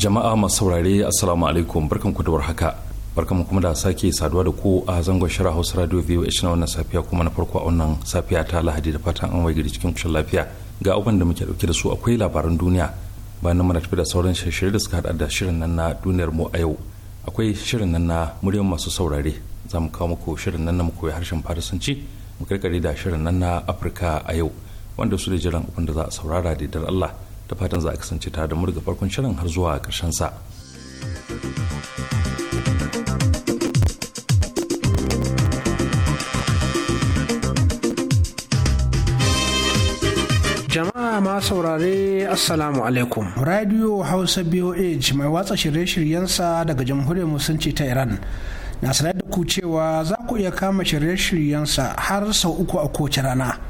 jama'a masu saurare assalamu alaikum barkan ku da haka barkan mu kuma da sake saduwa da ku a zangon shirin Hausa Radio VOH na wannan safiya kuma na farko a wannan safiya ta Lahadi da fatan an waye cikin kushin lafiya ga abin da muke dauke da su akwai labaran duniya bayan muna tafi da sauran shirye da suka hada da shirin nan na duniyar mu a yau akwai shirin nan na muryar masu saurare za mu kawo muku shirin nan na mu koyi harshen farisanci mu karkare da shirin nan na Afirka a yau wanda su da jiran abin da za a saurara da Allah da fatan za a kasance tare da mu farkon shirin har zuwa karshen sa. Jama'a ma saurare Assalamu alaikum. Radio Hausa BOH mai watsa shirye-shiryensa daga Jamhuriyar Musulunci ta Iran. Na sanar da ku cewa za ku iya kama shirye-shiryensa har sau uku a kowace rana.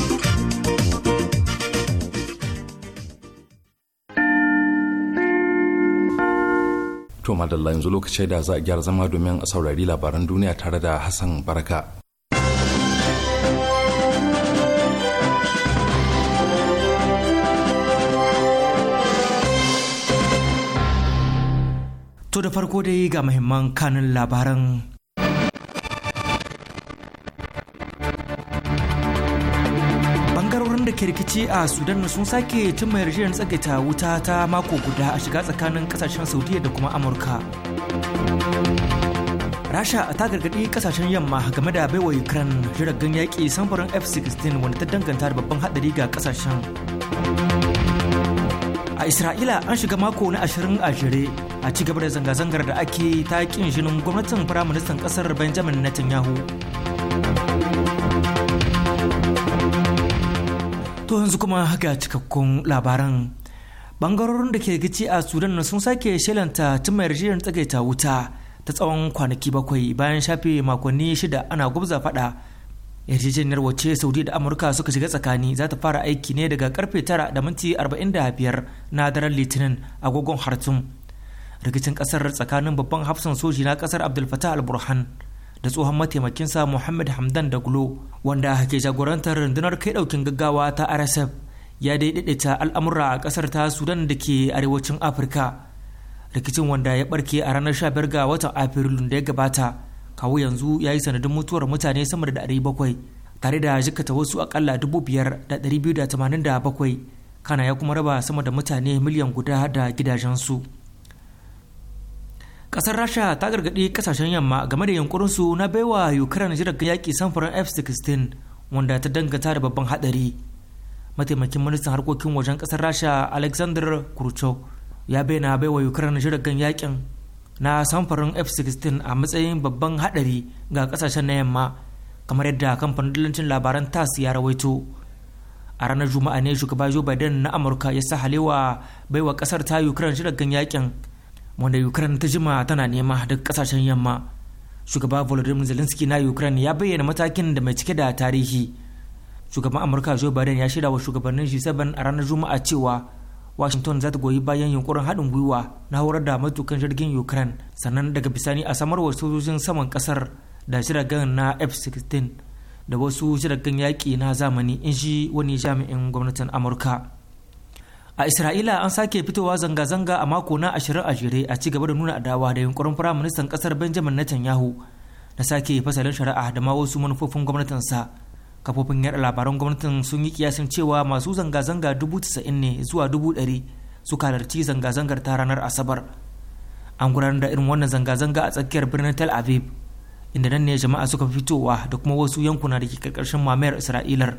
To madalla yanzu lokacin da za a gyara zama domin a saurari labaran duniya tare da Hassan Baraka. To da farko dai ga muhimman kanin labaran a rikici a sudan sun sake cimma yarjejeniyar tsagaita wuta ta mako guda a shiga tsakanin kasashen saudiya da kuma amurka rasha ta gargaɗi kasashen yamma game da baiwa ukraine jiragen yaƙi samfurin f-16 wanda ta danganta da babban haɗari ga kasashen a isra'ila an shiga mako na ashirin a jere a ci gaba da zanga-zangar da ake ta ƙin jinin gwamnatin firaministan ƙasar benjamin netanyahu To yanzu kuma ga cikakkun labaran. Bangarorin da ke gici a Sudan sun sake shelanta cimma yarjejeniyar tsagaita wuta ta tsawon kwanaki bakwai bayan shafe makonni shida ana gwabza fada. Yarjejeniyar wace Saudi da Amurka suka shiga tsakani za ta fara aiki ne daga karfe tara da minti biyar na daren Litinin agogon Hartum. Rikicin kasar tsakanin babban hafsan soji na kasar abdulfatah alburhan. al-Burhan da tsohon mataimakinsa muhammad hamdan da daglo wanda ke jagorantar rundunar kai daukin gaggawa ta rsf ya daidaita al'amura a kasar ta sudan da ke arewacin afirka rikicin wanda ya barke a ranar 15 ga watan afrilun da ya gabata kawo yanzu ya yi sanadin mutuwar mutane sama da 700 tare da jikata wasu akalla 5,287 kana ya kuma raba sama da mutane miliyan guda da gidajensu. kasar rasha ta gargaɗi kasashen yamma game da yunkurinsu na baiwa ukraine jiragen yaƙi samfurin f-16 wanda ta dangata da babban haɗari mataimakin ministan harkokin wajen kasar rasha alexander kurchov ya bayyana baiwa ukraine jiragen yaƙin na samfurin f-16 a matsayin babban haɗari ga kasashen na yamma kamar yadda kamfanin dillancin labaran tas ya rawaito a ranar juma'a ne shugaba joe biden na amurka ya sa halewa baiwa kasar ta ukraine jiragen yaƙin wanda ukraine ta jima tana nema duk kasashen yamma shugaba volodymyr zelensky na ukraine ya bayyana matakin da mai cike da tarihi shugaban amurka joe biden ya shirya wa shugabannin g7 a ranar juma'a cewa washington za ta goyi bayan yunkurin haɗin gwiwa na horar da matukan jirgin ukraine sannan daga bisani a samarwa sojojin saman kasar da jiragen na f-16 da wasu jiragen yaƙi na zamani in shi wani jami'in gwamnatin amurka a isra'ila an sake fitowa zanga-zanga a mako na ashirin a jere a cigaba da nuna adawa da yunkurin firaministan kasar benjamin netanyahu na sake fasalin shari'a da ma wasu manufofin gwamnatinsa kafofin yada labaran gwamnatin sun yi kiyasin cewa masu zanga-zanga dubu tasa'in ne zuwa dubu dari su kalarci zanga-zangar ta ranar asabar an gudanar da irin wannan zanga-zanga a tsakiyar birnin tel aviv inda nan ne jama'a suka fitowa da kuma wasu yankuna da ke karkashin mamayar isra'ilar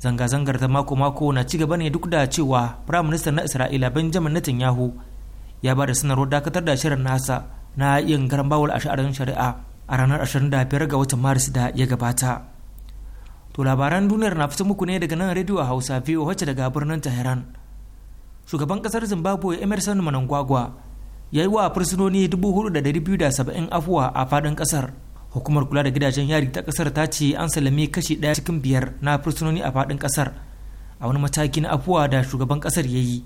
zanga-zangar ta mako-mako na ci gaba ne duk da cewa firaministan na isra'ila benjamin netanyahu ya ba da sanarwar dakatar da shirin nasa na yin garan a sha'arin shari'a a ranar 25 ga watan maris da ya gabata to labaran duniyar na fita muku ne daga nan rediyo hausa biyu wacce daga birnin tehran shugaban kasar zimbabwe emerson manangwagwa ya yi wa fursunoni 4,270 afuwa a fadin kasar. hukumar kula da gidajen yari ta kasar ta ce an salami kashi daya cikin biyar na fursunoni a faɗin kasar a wani mataki na afuwa da shugaban kasar ya yi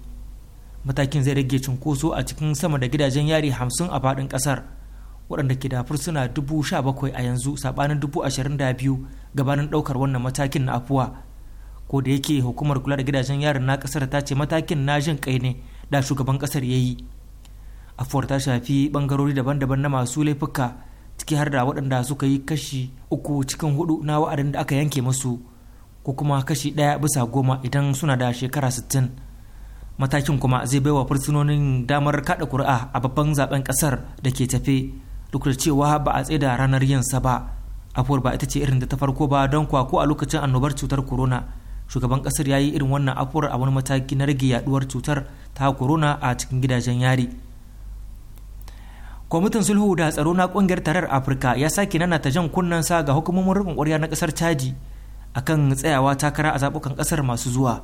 matakin zai rage cunkoso a cikin sama da gidajen yari hamsin a faɗin kasar waɗanda ke da fursuna dubu sha bakwai a yanzu saɓanin dubu ashirin da biyu gabanin ɗaukar wannan matakin na afuwa ko da yake hukumar kula da gidajen yari na kasar ta ce matakin na jin kai ne da shugaban kasar ya yi afuwar ta shafi bangarori daban-daban na masu laifuka ciki har da waɗanda suka yi kashi uku cikin hudu na wa'adin da aka yanke musu ko kuma kashi ɗaya bisa goma idan suna da shekara sittin matakin kuma zai baiwa fursunonin damar kaɗa kuri'a a babban zaben ƙasar da ke tafe duk da cewa ba a tsaida ranar yinsa ba afuwar ba ita ce irin da ta farko ba don kwa ko a lokacin annobar cutar corona shugaban ƙasar ya yi irin wannan afuwar a wani mataki na rage yaɗuwar cutar ta corona a cikin gidajen yari kwamitin sulhu da tsaro na kungiyar tarar afirka ya sake nana ta jan kunnen sa ga hukumomin rukun kwarya na kasar chadi akan tsayawa takara a zabukan kasar masu zuwa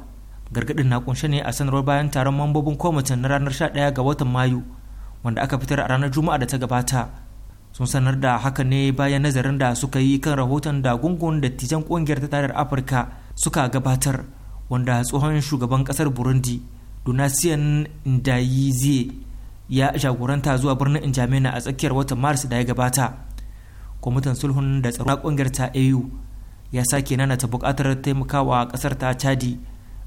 gargadin na kunshe ne a sanarwar bayan taron mambobin kwamitin na ranar 11 ga watan mayu wanda aka fitar a ranar juma'a da ta gabata sun sanar da haka ne bayan nazarin da suka yi kan rahoton da gungun dattijan kungiyar ta tarar afirka suka gabatar wanda tsohon shugaban kasar burundi donatien ndayizie ya jagoranta zuwa birnin Injamena a tsakiyar watan Maris da ya gabata. Kwamitin sulhun da tsaro na kungiyar ta AU ya sake nana ta buƙatar taimakawa a ƙasar ta Chadi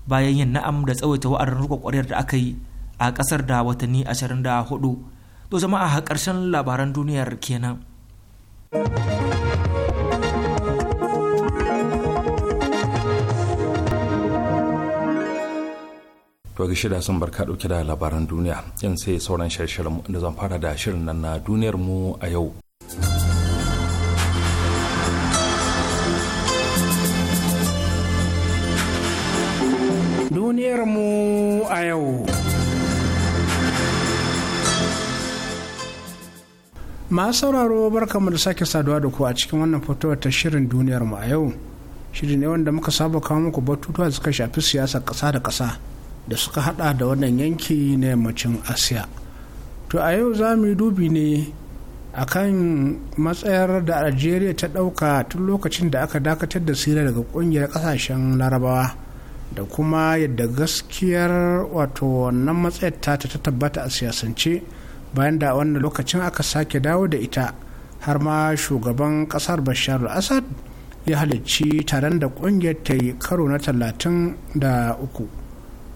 bayan yin na'am da tsawaita wa'adin riƙon da aka yi a ƙasar da watanni 24. To jama'a ƙarshen labaran duniyar kenan. To ga shida sun barka dauke da labaran duniya yan sai sauran shirin inda zan fara da shirin nan na duniyar mu a yau. Duniyar mu a yau. masu sauraro barkamu da sake saduwa da ku a cikin wannan fitowar ta shirin duniyar mu a yau shirin ne wanda muka saba kawo muku batutuwa suka shafi siyasar kasa da kasa. da suka hada da wannan yanki na yammacin asiya to a yau za mu yi dubi ne akan matsayar da algeria ta dauka tun lokacin da aka dakatar da sira daga kungiyar kasashen larabawa da kuma yadda gaskiyar wato wannan matsayar ta ta tabbata a siyasance bayan da wannan lokacin aka sake dawo da ita har ma shugaban kasar bashar al-assad ya halicci taron da kungiyar ta yi karo na talatin da uku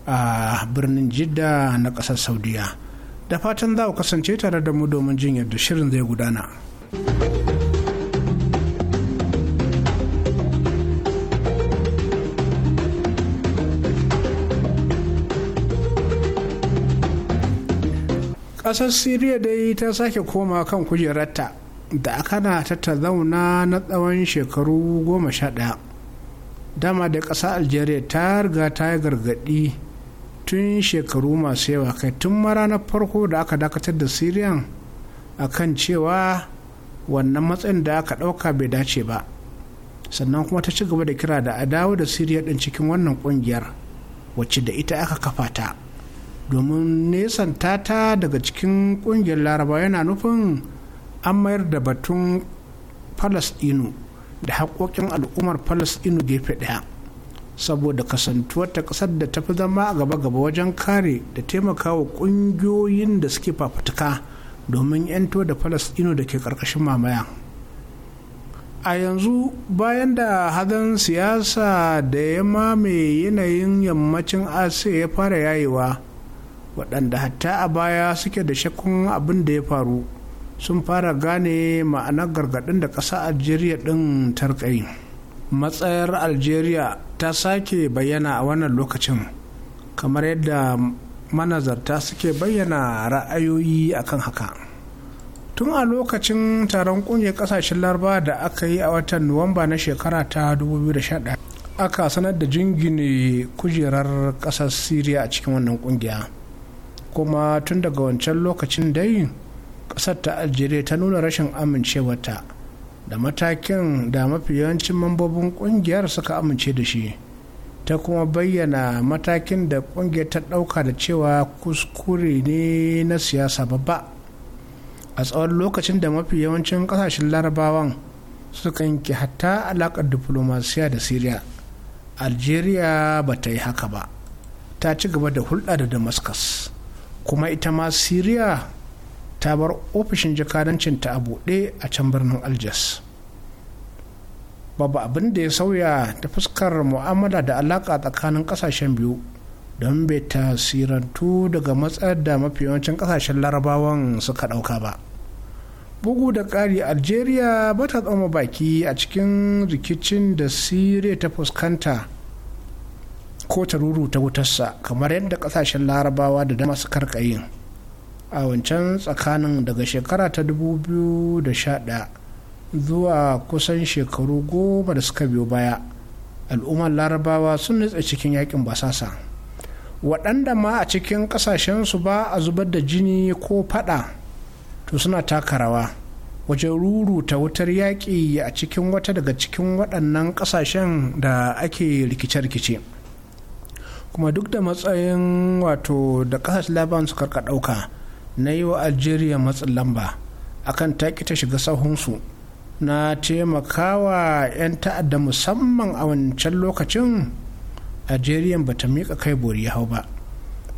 a birnin jidda na ƙasar saudiya da fatan za ku kasance tare da mu domin jin yadda shirin zai gudana ƙasar siriya dai ta sake koma kan kujerarta da aka na ta zauna na tsawon shekaru goma sha ɗaya dama da ƙasa algeria ta riga ta yi gargaɗi tun shekaru masu yawa kai tun mara na farko da aka dakatar da a kan cewa wannan matsayin da aka dauka bai dace ba sannan kuma ta ci gaba da kira da a dawo da siriya ɗin cikin wannan ƙungiyar wacce da ita aka kafa ta domin nisan ta daga cikin ƙungiyar laraba yana nufin an mayar da batun falasɗinu da haƙoƙin al'ummar falasɗinu gefe ɗaya saboda kasantuwar ta kasar da tafi zama a gaba-gaba wajen kare da taimakawa kungiyoyin da suke fafutuka domin 'yanto da falasɗino da ke ƙarƙashin mamaya a yanzu bayan da hadan siyasa da ya mame yanayin yammacin asiya ya fara yayewa waɗanda hatta a baya suke da shakkun abin da ya faru sun fara gane ma'anar gargaɗin da ƙasa algeria ɗin tarkai matsayar algeria ta sake bayyana a wannan lokacin kamar yadda manazarta suke bayyana ra'ayoyi akan haka tun a lokacin taron kungiyar kasashen Larba da aka yi a watan nuwamba na shekara ta 2011 aka sanar da jingine kujerar kasar Siriya a cikin wannan kungiya kuma tun daga wancan lokacin dai kasar ta algeria ta nuna rashin amincewarta da matakin da mafi yawancin mambobin kungiyar suka amince da shi ta kuma bayyana matakin da kungiyar ta dauka da cewa kuskure ne na siyasa babba a tsawon lokacin da mafi yawancin kasashen larabawan suka yanke hatta alakar diplomasiya da syria algeria ba ta yi haka ba ta ci gaba da hulɗa da damascus kuma ita ma syria ta bar ofishin jakadancin ta a buɗe a can birnin aljas babu abin da ya sauya da fuskar mu'amala da alaƙa tsakanin ƙasashen biyu don bai tasirantu daga matsayar da mafi yawancin ƙasashen larabawan suka ɗauka ba bugu da ƙari algeria ba ta tsoma baki a cikin rikicin da sire ta fuskanta ko ta ruru ta wutarsa kamar yadda ƙasashen larabawa da dama su karkayin a wancan tsakanin daga shekara ta 2011 zuwa kusan shekaru goma da suka biyo baya al'ummar larabawa sun nutse cikin yakin basasa waɗanda ma a cikin ƙasashensu ba a zubar da jini ko faɗa to suna taka rawa wajen ruruta wutar yaƙi a cikin wata daga cikin waɗannan ƙasashen da ake rikice-rikice kuma duk da matsayin wato da ƙasashen labaran suka ɗauka na yi wa algeria matsin lamba akan taƙi ta shiga sahunsu na taimakawa 'yan ta'adda musamman a wancan lokacin algeria ba ta miƙa kai bori hau ba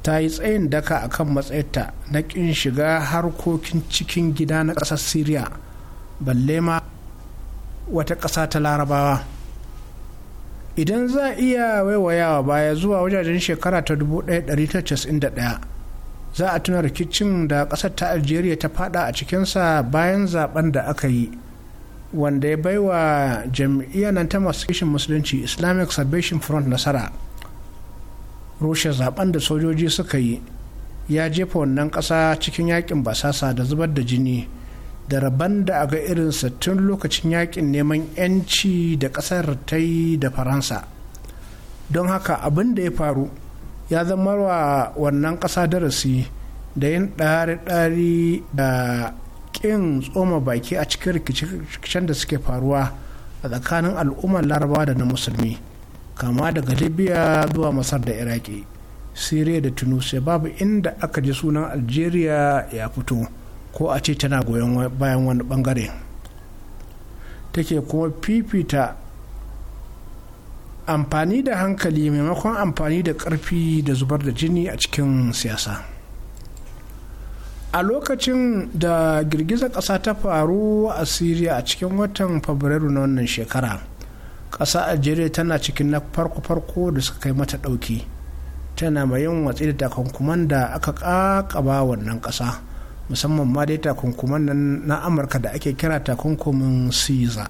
ta yi tsayin daka akan matsayinta na ƙin shiga harkokin cikin gida na ƙasar syria balle ma wata ƙasa ta larabawa idan za a iya waiwayawa baya zuwa wajajen shekara ta 1991 za a tuna rikicin da ƙasar ta algeria ta fada a cikinsa bayan zaben da aka yi wanda ya baiwa jam'iyyar nan ta masu kishin musulunci islamic salvation front nasara rushe zaben da sojoji suka yi ya jefa wannan ƙasa cikin yakin basasa da zubar da jini da rabon da ga irinsa tun lokacin yakin neman 'yanci da ƙasar ta yi da faransa don haka abin da ya faru ya zama wa wannan ƙasa darasi da yin ɗari-ɗari da ƙin tsoma baki a cikin rikicen da suke faruwa a tsakanin al'ummar larabawa da na musulmi kama daga libya zuwa masar da iraki siriya da tunisia babu inda aka ji sunan algeria ya fito ko a ce tana goyon bayan wani bangare take kuma fifita amfani da hankali maimakon amfani da ƙarfi da zubar da jini a cikin siyasa a lokacin da girgizar ƙasa ta faru a siriya a cikin watan fabrairu na wannan shekara ƙasa algeria tana cikin na farko-farko da suka kai mata ɗauki tana mai yin watsi da takunkuman da aka ƙaƙaba wannan ƙasa musamman ma dai takunkuman na amurka da ake kira takunkumin caesar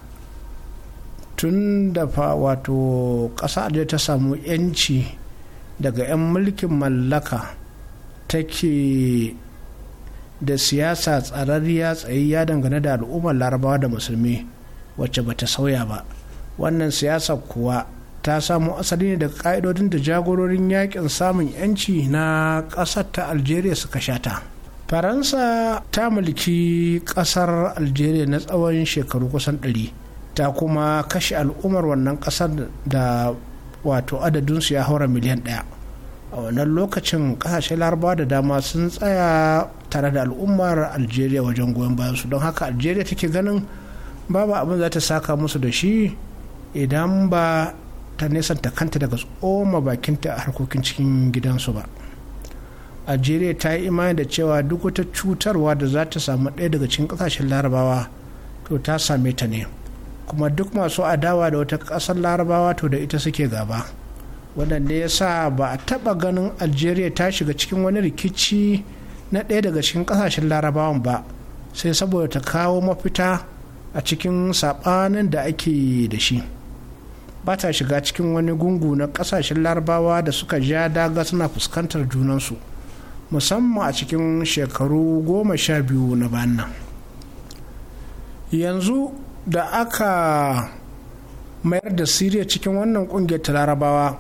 tun da fa wato ƙasa da ta samu 'yanci daga 'yan mulkin mallaka take da siyasa tsararriya tsayayya dangane da al'ummar larabawa da musulmi wacce ba ta sauya ba wannan siyasa kuwa ta samu asali ne daga ka'idodin da jagororin yakin samun 'yanci na ƙasar ta algeria suka shata faransa ta mulki ƙasar algeria na tsawon shekaru kusan ɗari. ta kuma kashe al'ummar wannan kasar da wato adadinsu ya haura miliyan ɗaya a wannan lokacin ƙasashe larabawa da dama sun tsaya tare da al'ummar algeria wajen goyon bayan su don haka algeria take ganin babu abin za ta saka musu da shi idan ba ta ta kanta daga tsoma bakinta a harkokin cikin gidansu ba algeria ta yi imani da cewa duk wata cutarwa da za ta samu ɗaya daga cikin ƙasashen larabawa to ta same ta ne kuma duk masu adawa da wata ƙasar larabawa to da ita suke gaba wannan ne ya sa ba a taɓa ganin algeria ta shiga cikin wani rikici na ɗaya daga cikin ƙasashen larabawan ba sai saboda ta kawo mafita a cikin saɓanin da ake da shi ba ta shiga cikin wani gungu na ƙasashen larabawa da suka ja daga suna fuskantar junansu musamman a cikin shekaru goma sha biyu na bana. yanzu da aka mayar da siriya cikin wannan kungiyar ta larabawa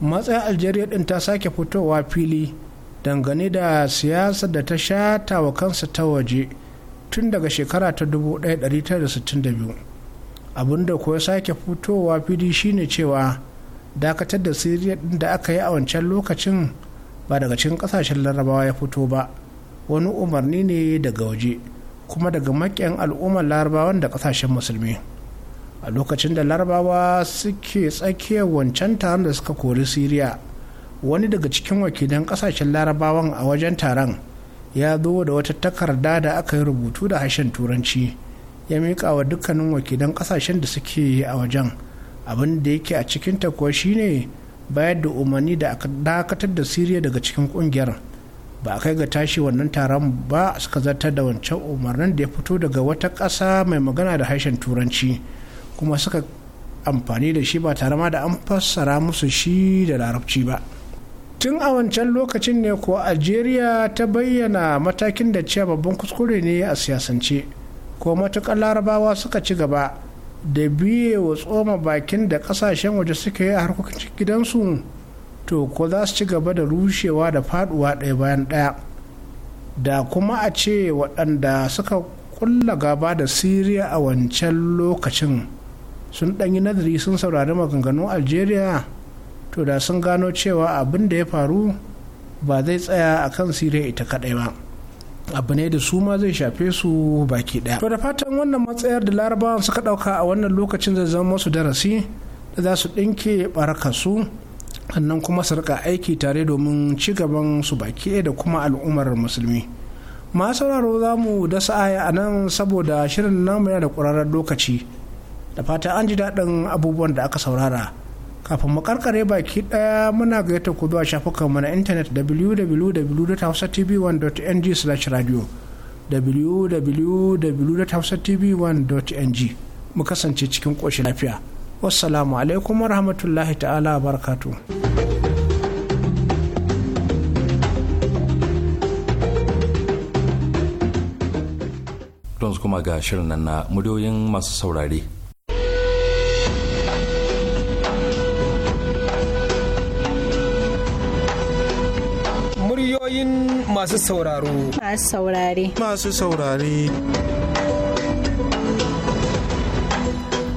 matsayin algeria din ta sake fitowa fili dangane da siyasa da ta shata wa kansa ta waje tun daga shekara ta 1962 abinda kuwa sake fitowa fili shine cewa dakatar da siriya din da aka yi a wancan lokacin ba daga cikin kasashen larabawa ya fito ba wani umarni ne daga waje kuma daga makiyan al'ummar larabawan da kasashen musulmi a lokacin da larabawa suke tsakiyar wancan taron da suka kori siriya wani daga cikin wakilan kasashen larabawan a wajen taron ya zo da wata takarda da aka yi rubutu da harshen turanci ya miƙa wa dukkanin wakilan kasashen da suke a wajen abin da yake a cikin takuwa shine bayar da umarni da aka dakatar da siriya daga cikin ƙungiyar. ba a kai ga tashi wannan taron ba suka zartar da wancan umarnin da ya fito daga wata ƙasa mai magana da harshen turanci kuma suka amfani da shi ba tare ma da an fassara musu shi da larabci ba tun a wancan lokacin ne ko algeria ta bayyana matakin da cewa babban kuskure ne a siyasance ko matuƙar larabawa suka ci gaba da biye wa tsoma bakin da ƙasashen waje suka yi a harkokin gidansu to ko za su ci gaba da rushewa da faduwa ɗaya bayan ɗaya da kuma a ce waɗanda suka kulla gaba da siriya a wancan lokacin sun ɗanyi nazari sun saurari maganganun algeria to da sun gano cewa abin da ya faru ba zai tsaya a kan siriya ita kaɗai ba abu ne da su ma zai shafe su baki ɗaya to da fatan wannan matsayar da larabawan suka ɗauka a wannan lokacin zai zama masu darasi da za su ɗinke ɓarakarsu su sannan kuma su rika aiki tare domin ci gaban su baki da kuma al'ummar musulmi ma sauraro za mu da sa'aya a nan saboda shirin namu yana da ƙwararren lokaci da fata an ji daɗin abubuwan da aka saurara kafin mu karkare baki ɗaya muna gayyata ku zuwa mu na intanet www.hausatv1.ng/radio www.hausatv1.ng mu kasance cikin ƙoshin lafiya wassalamu alaikum warahmatullahi ta'ala barkatu. su kuma ga shirin nan na muryoyin masu saurare. Muryoyin masu sauraro. Masu saurare. Masu saurare.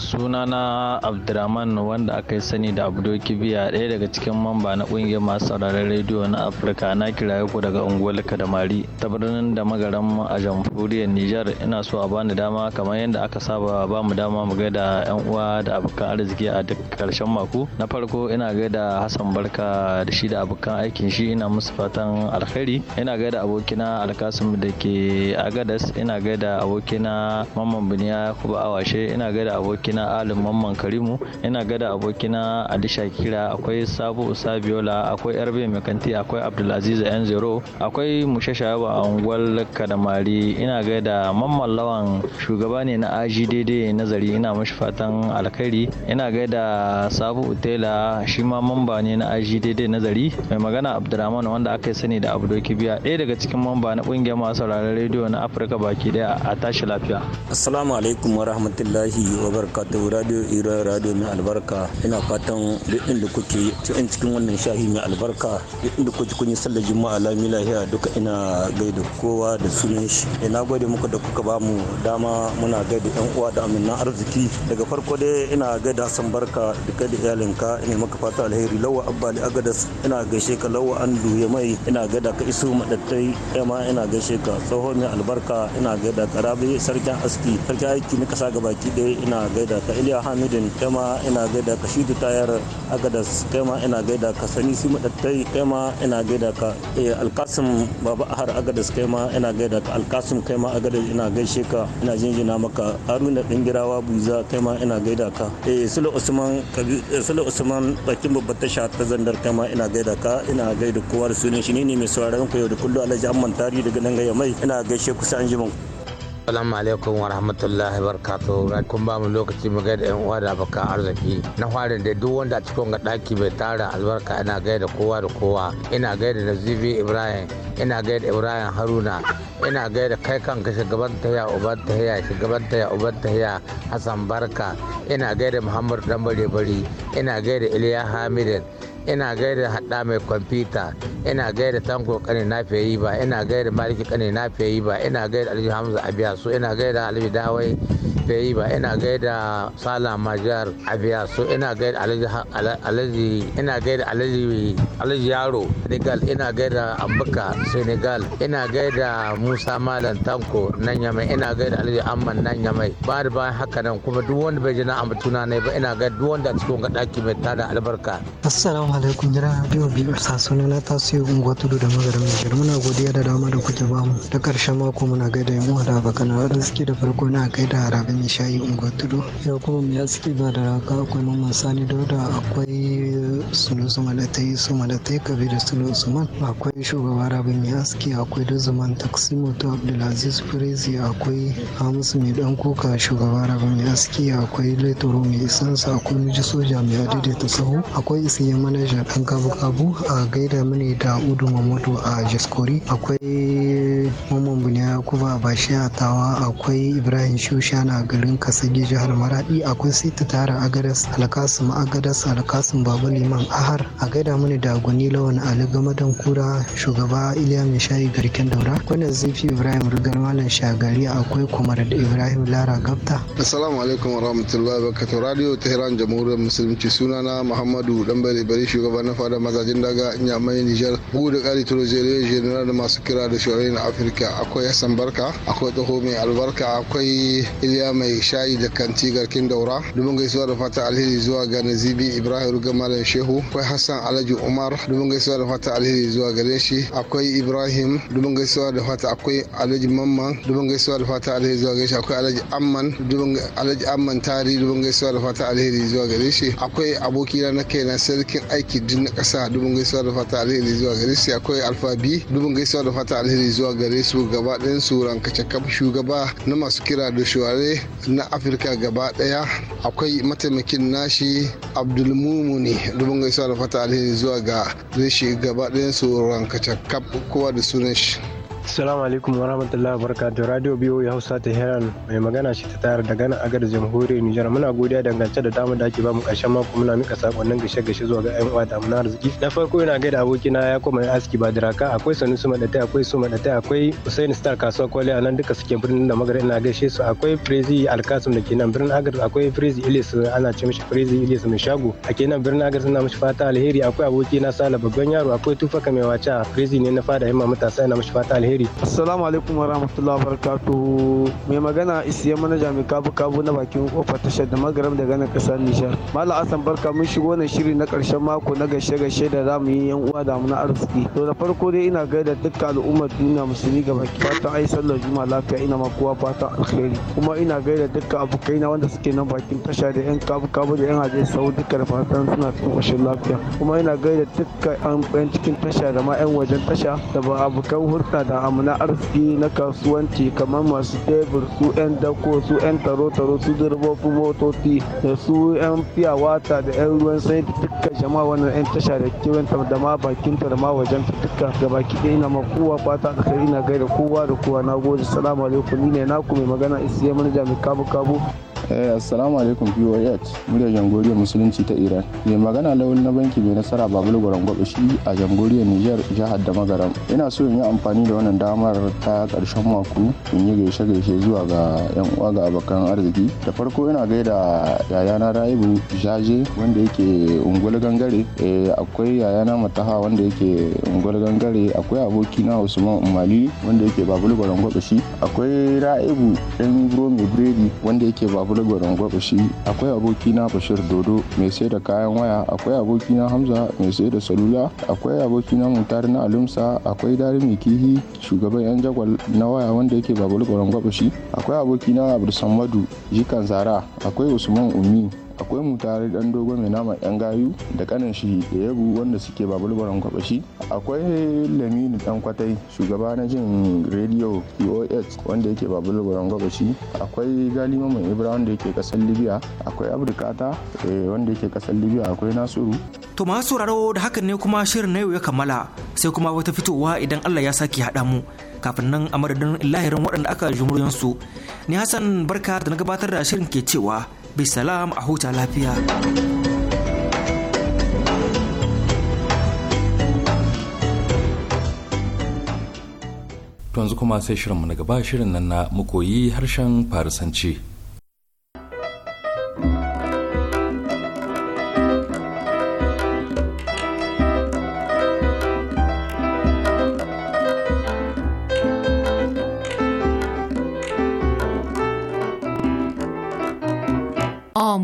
sunana abdurrahman wanda aka yi sani da abdoki biya ɗaya daga cikin mamba na ƙungiyar masu sauraron rediyo na afirka na kiraye ku daga unguwar kadamari ta birnin da magaran a jamhuriyar nijar ina so a bani dama kamar yadda aka saba ba mu dama mu gaida yan uwa da abokan arziki a duk karshen mako na farko ina gaida hassan barka da shi da abokan aikin shi ina musu fatan alkhairi ina gaida abokina alkasim da ke agadas ina gaida abokina mamman biniya kuba awashe ina gaida abokina abokina alim mamman karimu ina gada abokina ali shakira akwai sabu usabiola akwai yarbe mekanti akwai abdulaziz yan zero akwai mushe shaba a unguwar kadamari ina gada mamman lawan shugaba ne na aji daidai nazari ina mashi fatan alkhairi ina gaida sabu utela shi ma mamba ne na aji daidai nazari mai magana abdulrahman wanda aka sani da abdoki biya ɗaya daga cikin mamba na ƙungiyar masu sauraron rediyo na afirka baki daya a tashi lafiya assalamu alaikum wa rahmatullahi wa barakatu radio ira radio mai albarka ina fatan duk inda kuke cikin cikin wannan shahi mai albarka duk inda kuke kun yi sallar juma'a lami lahiya duka ina gaida kowa da sunan shi ina eh, gode muku da kuka ba mu dama muna gaida yan uwa da aminan arziki daga farko dai ina gaida san barka da da iyalinka ina maka fata alheri lawa abba da agadas ina gaishe ka lawa an mai ina gaida ka isu madattai yama ina gaishe ka tsoho mai albarka ina gaida ka rabi sarkin aski sarkin aiki na kasa gabaki ɗaya ina gaida gaida ka iliya hamidin kaima ina gaida ka shidu tayar agadas kaima ina gaida ka sani su madattai kaima eh, ina gaida ka alkasim baba ahar agadas kaima ina gaida ka alkasim kaima agadas ina gaishe ka ina jinjina maka haruna dingirawa buza kaima ina gaida ka eh, sule usman eh, sule usman bakin babbar tasha ta zandar kaima ina gaida ka ina gaida kowa da sunan shi ne mai sauraron ku yau da kullum alhaji amman tari daga nan ga yamai ina gaishe ku sai an Assalamu alaikum wa rahmatullahi wa barakatuh. Kun ba mu lokaci mu gaida yan uwa da abokan arziki. Na fara da duk wanda a cikin ga bai mai tara albarka ina gaida kowa da kowa. Ina gaida Nazibi Ibrahim, ina gaida Ibrahim Haruna, ina gaida kai kanka shugaban tahiya uban tahiya shugaban tahiya uban tahiya Hassan Barka, ina gaida Muhammad Dan Bare Bari, ina gaida Iliya Hamidin, ina gaida hada mai kwamfuta ina gaida tanko kane na fiye ba ina gaida maliki kane na fiye ba ina gaida alhaji hamza abiyasu ina gaida alhaji dawai fiye ba ina gaida sala majar abiyasu ina gaida alhaji ina gaida alhaji yaro senegal ina gaida abuka senegal ina gaida musa malam tanko nan yamai ina gaida alhaji amman nan yamai ba da bayan haka nan kuma duk wanda bai ji na ambatuna ne ba ina gaida duk wanda cikin ga daki mai tada albarka assalamu Assalamu alaikum gidan Radio biyu sasuna na tasiri unguwa tudu da magarin Nijar muna godiya da dama da kuke mu. ta karshen mako muna gaida yan uwa da abokan arziki da farko na gaida Rabi mai shayi unguwa tudu yau kuma mu ya suke ba da raka akwai mamman sani dauda akwai sulu su malatai su malatai da sulu usman akwai shugaba Rabi mai aski akwai taksi mutu abdulaziz firizi. akwai hamisu mai dan kuka shugaba Rabi mai aski akwai letoro mai isansa akwai miji soja mai ta sahu akwai isiye manaja ɗan kabu kabu a gaida mini da udu Mamadu a jaskori akwai mamman Buniya kuba bashi a tawa akwai ibrahim shusha na garin kasage jihar Maraɗi akwai sita tara agadas alkasim agadas alkasim baba liman ahar a gaida mini da gwani lawan ali gamadan kura shugaba iliya mai shayi garken daura akwai nazifi ibrahim rigar malam shagari akwai kumar da ibrahim lara gabta assalamu alaikum wa wabarakatuh radio tehran jamhuriyar musulunci sunana muhammadu dan bare shugaban na fadar mazajin daga nyamai nijar bugu da kari jere general da masu kira da shawarai na afirka akwai hassan barka akwai taho mai albarka akwai iliya mai shayi da kanti garkin daura domin gaisuwa da fata alheri zuwa ga nazibi ibrahim ruga malam shehu akwai hassan alhaji umar domin gaisuwa da fata alheri zuwa gare shi akwai ibrahim domin gaisuwa da fata akwai alhaji mamman domin gaisuwa da fata alheri zuwa gare shi akwai alhaji amman domin alhaji amman tari domin gaisuwa da fata alheri zuwa gare shi akwai abokina na kai na sarkin aiki aiki din na kasa dubin gaisuwa da fata alheri zuwa gare su akwai alfa b dubin gaisuwa da fata alheri zuwa gare su gaba ɗayan su rankace kam shugaba na masu kira da shuware na afirka gaba ɗaya akwai mataimakin nashi mumuni dubin gaisuwa da fata alheri zuwa ga reshi gaba ɗayan su rankace kam kowa da sunan shi Assalamu alaikum wa rahmatullahi wa Radio biyo ya Hausa Heran mai magana shi ta tayar da gana agar jamhuriyar Nijar muna godiya dangance da damar da ake mu karshen mako muna mika sakonnin gashe gashe zuwa ga ƴan uwa da muna arziki. Na farko ina gaida abokina ya koma ya aski ba diraka akwai su Madatai akwai Su Madatai akwai Hussein Star kasuwa kwale a nan duka suke birnin da magana ina gaishe su akwai Prezi Alkasum da ke nan birnin Agar akwai Prezi Ilyas ana ce mishi Prezi Ilyas mai shago a ke nan birnin Agar suna mishi fata alheri akwai abokina Sala babban yaro akwai Tufaka mai wacha Prezi ne na fada himma matasa ina mishi fata alheri alheri assalamu alaikum wa rahmatullahi wa mai magana isiya manaja mai kabu kabu na bakin kofar tashar da magaram daga nan kasar nijar malam asan barka mun shigo wannan shiri na karshen mako na gashe gashe da zamu yi yan uwa da na arziki to da farko dai ina gaida dukkan al'ummar duniya musulmi ga baki. fatan ai sallar juma'a lafiya ina ma kowa fatan alheri kuma ina gaida dukkan abokai na wanda suke nan bakin tasha da yan kabu kabu da yan hajji sau dukkan da fatan suna cikin ƙoshin lafiya kuma ina gaida dukkan an cikin tasha da ma yan wajen tasha da ba abokan da samu na arziki na kasuwanci kamar masu tebur su 'yan dako su 'yan taro-taro su direbobin motoci da su 'yan fiya wata da 'yan ruwan sai duka jama'a wannan 'yan tasha da kewanta da ma ta da ma wajen duka ga baki ɗaya ina ma kowa fata da kai ina gaida kowa da kowa na gode salamu alaikum ni ne naku mai magana isiya manaja mai kabu kabu Eh, assalamu alaikum voh muryar jamhuriyar musulunci ta iran mai magana lawal na banki mai nasara babul gwaron shi a jamhuriyar nijar jihar da magaram ina so in yi amfani da wannan damar ta karshen mako in yi gaishe gaishe zuwa ga yan uwa ga abokan arziki da farko ina gaida yayana raibu jaje wanda yake ungwal gangare eh, akwai yayana mataha wanda yake ungwal gangare akwai abokina usman umali wanda yake babul gwaron shi akwai raibu ɗan gro brady biredi wanda yake babul Isa Gwarin Gwabashi, akwai abokina Bashir Dodo mai sai da kayan waya, akwai abokina Hamza mai sai da salula, akwai abokina mutar na Alumsa, akwai mai Kihi shugaban 'yan jagwal na waya wanda yake babul Gwarin Gwabashi, akwai abokina Abdulsamadu Jikan Zara, akwai Usman Umi, akwai mu tare dan dogo mai nama yan gayu da kanin shi da yabu wanda suke babulbaran kwabashi akwai lamini dan kwatai shugaba na jin rediyo pos wanda yake babulbaran kwabashi akwai galima mai ibra wanda yake kasar libya akwai abdukata eh, wanda yake kasar libya akwai nasiru to masu sauraro da hakan ne kuma shirin na yau ya kammala sai kuma wata fitowa idan allah ya sake haɗa mu kafin nan a madadin lahirin waɗanda aka jumuriyar su ni hassan barka da na gabatar da shirin ke cewa bisalam a huta lafiya yanzu kuma sai shirinmu na gaba shirin nan na mukoyi harshen farisanci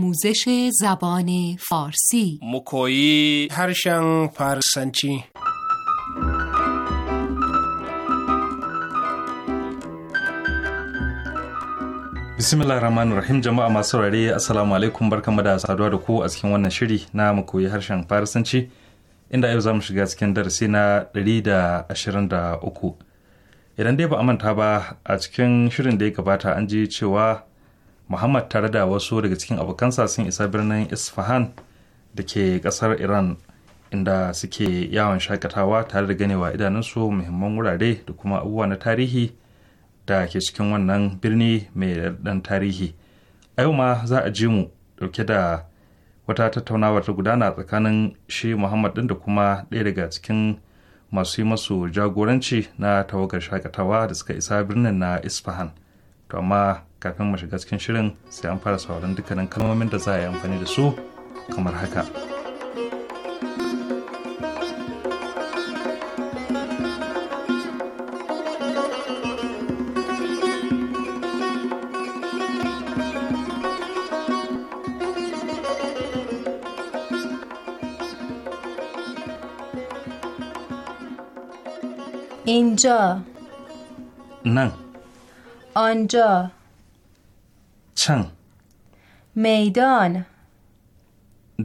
آموزش زبان فارسی مکویی هرشن فارسنچی bismillah rahman rahim jama'a masu saurare assalamu alaikum barkamu da saduwa da ku a cikin wannan shiri na mu koyi harshen farisanci inda yau za mu shiga cikin darasi na da da ashirin uku idan dai ba a manta ba a cikin shirin da ya gabata an ji cewa muhammad tare da wasu daga cikin abokansa sun isa birnin isfahan da ke kasar iran inda suke yawon shakatawa tare da ganewa idanunsu muhimman wurare da kuma abubuwa na tarihi da ke cikin wannan birni mai dan tarihi a yau ma za a ji mu dauke da wata tattaunawa ta gudana tsakanin shi muhammad din da kuma ɗaya daga cikin masu yi masu jagoranci na tawagar shakatawa da suka isa birnin na isfahan to amma kafin mu shiga cikin shirin sai an fara sauran dukkanin kalmomin da za a yi amfani da su kamar haka. اینجا نه آنجا چنگ میدان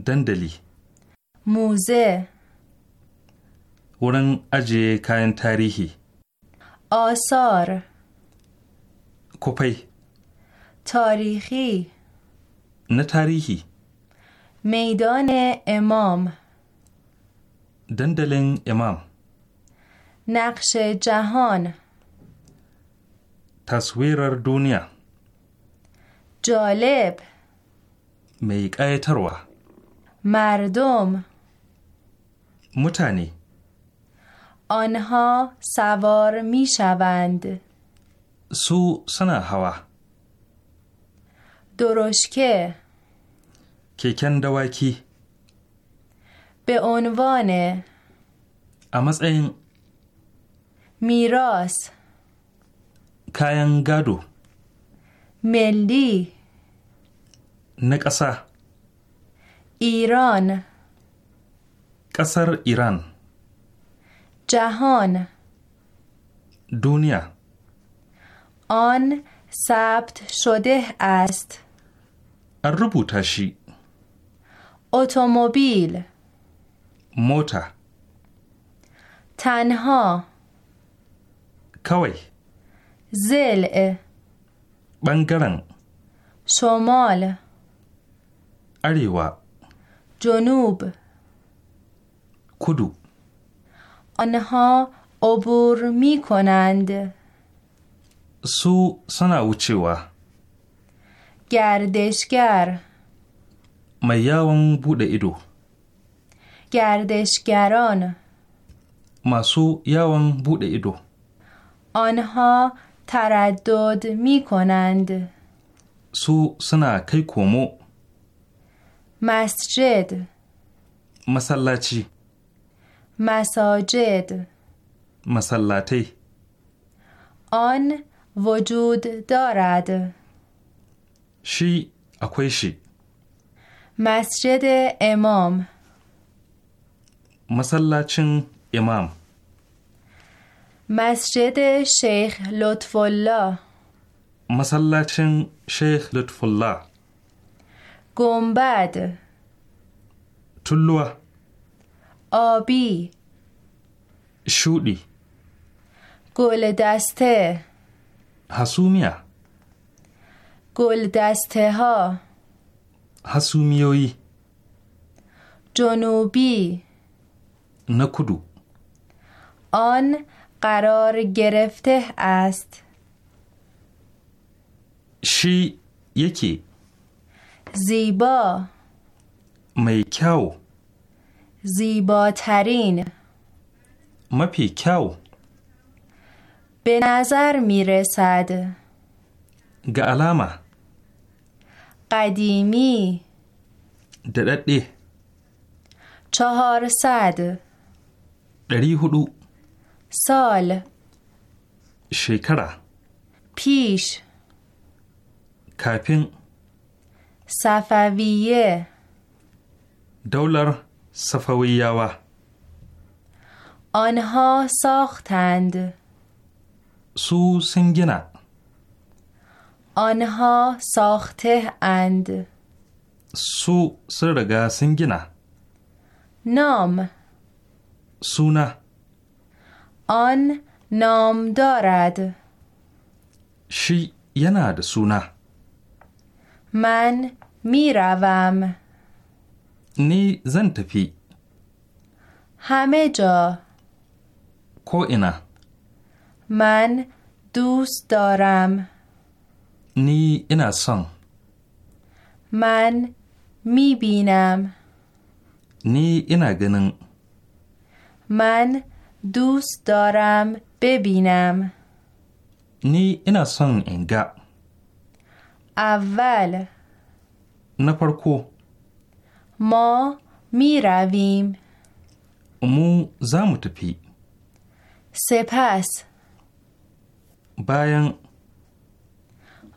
دندلی موزه ورن اجی کاین تاریخی آثار کپی تاریخی نه تاریخی میدان امام دندلن امام نقش جهان تصویر دنیا جالب mai ƙayatarwa مردم متانی آنها سوار می سو سنا هوا درشکه کیکن دواکی به عنوان امس این میراس کاینگادو. ملی نکسه ایران قصر ایران جهان دنیا آن ثبت شده است روبوتشی اتومبیل موتر تنها کوی زل بنگرن شمال اریوا جنوب کدو آنها عبور می کنند سو سنا وچیوا گردشگر میاون بوده ایدو گردشگران ماسو یاون بوده ایدو آنها تردد می کنند سو سنا کی کومو مسجد مسلاچی مساجد مسلاتی آن وجود دارد شی اکویشی مسجد امام مسلاچن امام مسجد شیخ لطف الله مسلاچن شیخ لطف الله گنبد تلوه آبی شودی گل دسته حسومیا گل دسته ها حسومیوی جنوبی نکدو آن قرار گرفته است شی یکی زیبا میکو زیباترین ترین مپیکو به نظر میرسد گالاما قدیمی دردی چهارصد دری هدو سال شکره پیش کپین صفویه دولر صفویاوه آنها ساختند سو سنگنه آنها ساخته اند سو سرگا سنگنه نام سونه آن نام دارد شی یناد سونه من می روم. نی زنده فی. همه جا کو اینا من دوست دارم نی اینا سان من بینم. نی اینا گنن من دوست دارم ببینم نی اینا سان اینگا اول نپرکو ما می رویم مو زمو تپی سپس باین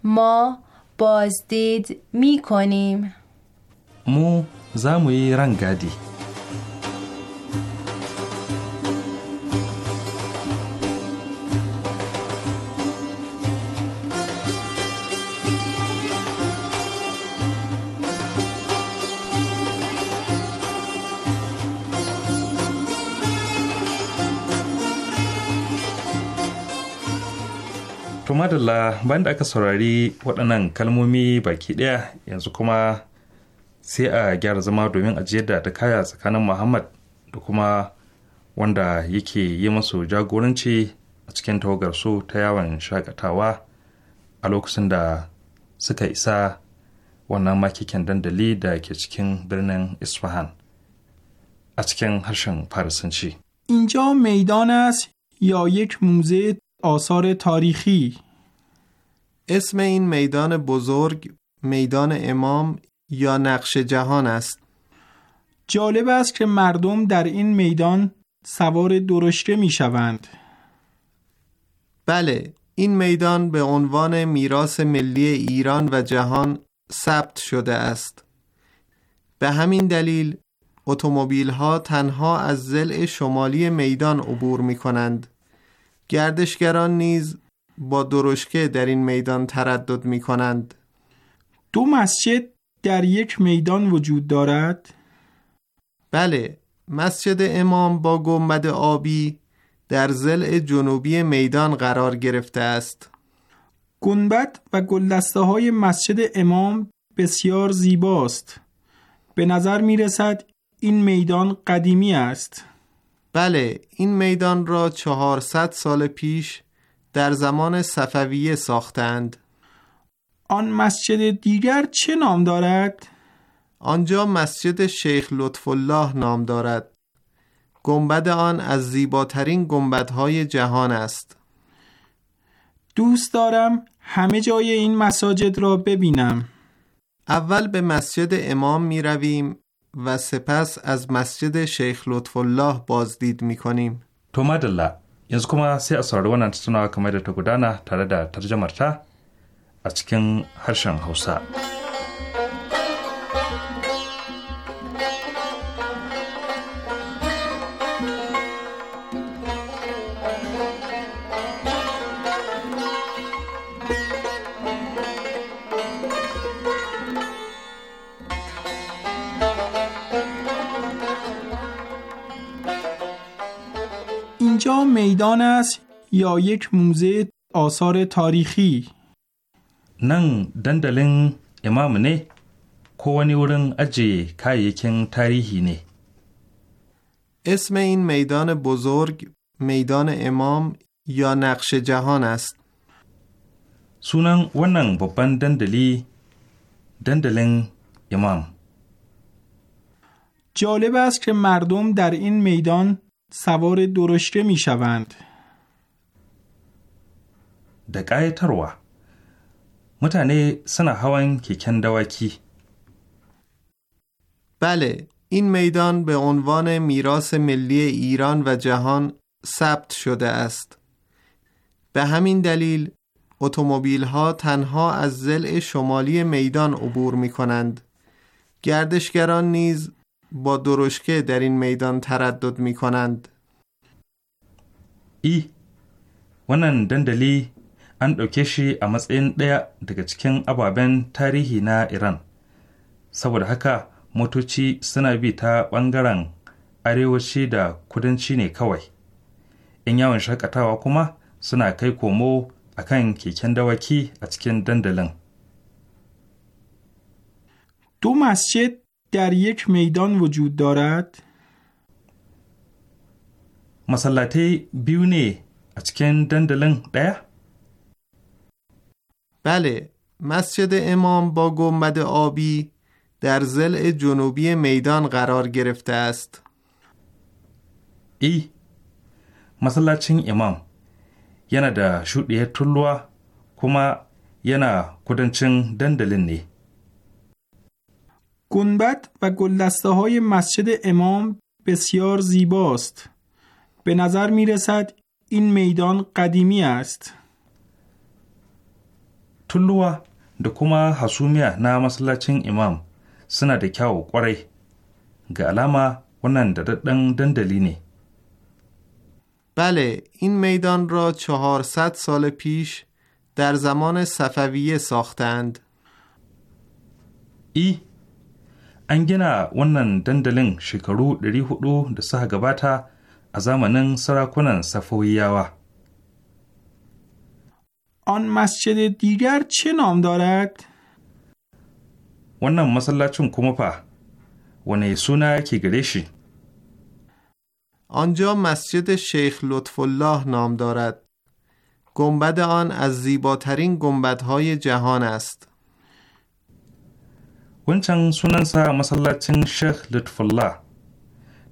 ما بازدید می کنیم مو زموی رنگادی madalla bayan da aka saurari waɗannan kalmomi baki ɗaya yanzu kuma sai a gyara zama domin ajiyar da ta kaya tsakanin muhammad da kuma wanda yake yi masu jagoranci a cikin tawagar su ta yawon shakatawa a lokacin da suka isa wannan makikin dandali da ke cikin birnin isfahan a cikin harshen farisanci اینجا میدان است یا یک موزه آثار تاریخی اسم این میدان بزرگ میدان امام یا نقش جهان است جالب است که مردم در این میدان سوار درشکه می شوند بله این میدان به عنوان میراث ملی ایران و جهان ثبت شده است به همین دلیل اتومبیل ها تنها از زل شمالی میدان عبور می کنند گردشگران نیز با درشکه در این میدان تردد می کنند دو مسجد در یک میدان وجود دارد؟ بله مسجد امام با گنبد آبی در زل جنوبی میدان قرار گرفته است گنبد و گلدسته های مسجد امام بسیار زیباست به نظر می رسد این میدان قدیمی است بله این میدان را 400 سال پیش در زمان صفویه ساختند آن مسجد دیگر چه نام دارد؟ آنجا مسجد شیخ لطف الله نام دارد گنبد آن از زیباترین گنبدهای جهان است دوست دارم همه جای این مساجد را ببینم اول به مسجد امام می رویم و سپس از مسجد شیخ لطف الله بازدید می کنیم تو yanzu kuma sai a saurari wannan tattaunawa kamar da ta gudana tare da tarjamarta a cikin harshen hausa. میدان است یا یک موزه آثار تاریخی نن دندلن امام نه کوانی ورن اجی کایکن تاریخی نه اسم این میدان بزرگ میدان امام یا نقش جهان است سونن ونن بابان دندلی دندلن امام جالب است که مردم در این میدان سوار درشکه می شوند. تروا متنی سنا که که بله این میدان به عنوان میراث ملی ایران و جهان ثبت شده است به همین دلیل اتومبیل ها تنها از زل شمالی میدان عبور می کنند گردشگران نیز با درشکه در این میدان تردد می کنند ای wannan dandali an ɗauke shi a matsayin ɗaya daga cikin ababen tarihi na Iran. Saboda haka motoci suna bi ta ɓangaren arewaci da kudanci ne kawai. ‘Yan yawon shakatawa kuma suna kai komo a kan keken dawaki a cikin dandalin. Thomas ce در یک میدان وجود دارد؟ مسلاتی بیونه اچکن دندلن ده؟ بله مسجد امام با گمد آبی در زل جنوبی میدان قرار گرفته است ای مسلاتین امام یعنی در شود یه کما یعنی کدنچن دندلن نیه. گنبت و گلدسته های مسجد امام بسیار زیباست. به نظر می رسد این میدان قدیمی است. تلوه دکوما حسومیا نه چین امام سنا دکاو قره گالاما ونن دندلی دندلینه. بله این میدان را چهار سال پیش در زمان صفویه ساختند. ای an gina wannan dandalin shekaru 400 da suka gabata a zamanin sarakunan safawiyawa. آن مسجد دیگر چه نام دارد؟ wannan masallacin kuma fa wane suna yake gare shi آنجا مسجد شیخ لطف الله نام دارد گنبد آن از زیباترین گنبدهای جهان است واینچن سنا سا مساله چن شخ لطف الله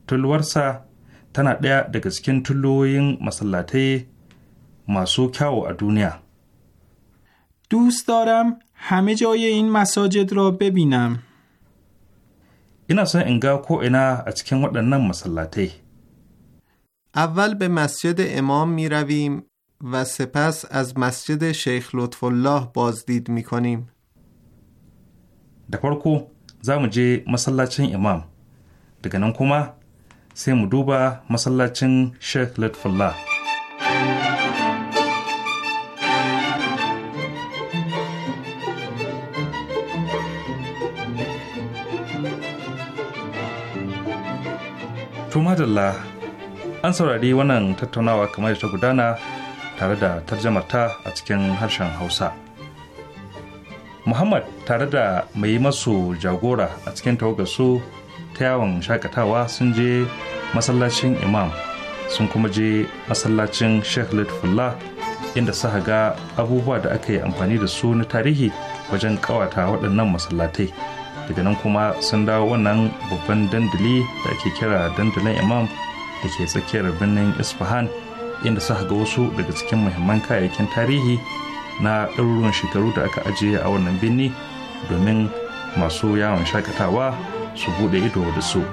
تلوار سا تنادیا دکسکن طلوع مسالهی ماسوکیا و آدunya دوست دارم همه جای این مساجد را ببینم یه نفر انگار که یه نه اتکیم و اول به مسجد امام میرویم و سپس از مسجد شخ لطف الله بازدید میکنیم. da farko za mu je masallacin imam daga nan kuma sai mu duba masallacin sheikh lutfullah tumadalla an saurari wannan tattaunawa kamar da ta gudana tare da tarjamarta a cikin harshen hausa muhammad tare da mai masu jagora a cikin tawagarsu ta yawon shakatawa sun je masallacin imam sun kuma je masallacin sheikh lutfullah inda suka ga abubuwa da aka yi amfani da su na tarihi wajen kawata waɗannan masallatai daga nan kuma sun dawo wannan babban dandali da ake kira dandalin imam da ke tsakiyar birnin isfahan inda suka ga wasu daga cikin muhimman kayayyakin tarihi na ɗaruruwan shekaru da aka ajiye a wannan birni domin masu yawon shakatawa su buɗe ido da su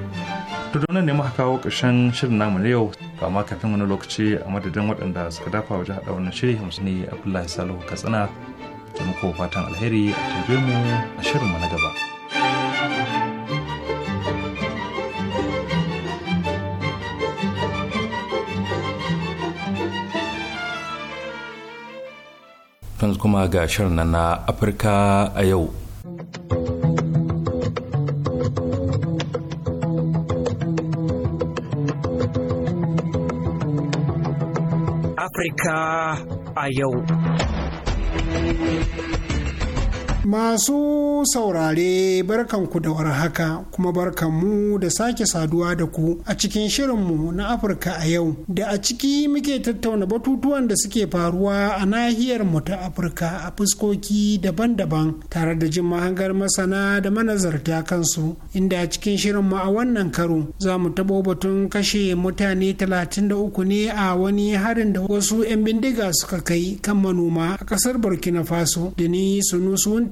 tudunan ne muka kawo ƙarshen shirin namu na yau amma kafin wani lokaci a madadin waɗanda suka dafa wajen haɗa wannan shiri hamsu ne abdullahi salihu katsina da muku fatan alheri a tarbe mu a shirinmu na gaba. yanzu kuma ga shirin na afirka a yau afirka a yau Masu saurare barkanku da warhaka kuma barkanmu da sake saduwa da ku a cikin shirinmu na Afirka a yau da a ciki muke tattauna batutuwan da suke faruwa a nahiyar mu ta Afirka a fuskoki daban-daban tare da jin mahangar masana da manazarta kansu inda a cikin shirinmu a wannan karo za mu tabo batun kashe mutane 33 ne a wani harin da wasu 'yan bindiga suka kai kan manoma a kasar Burkina Faso da ni sunusun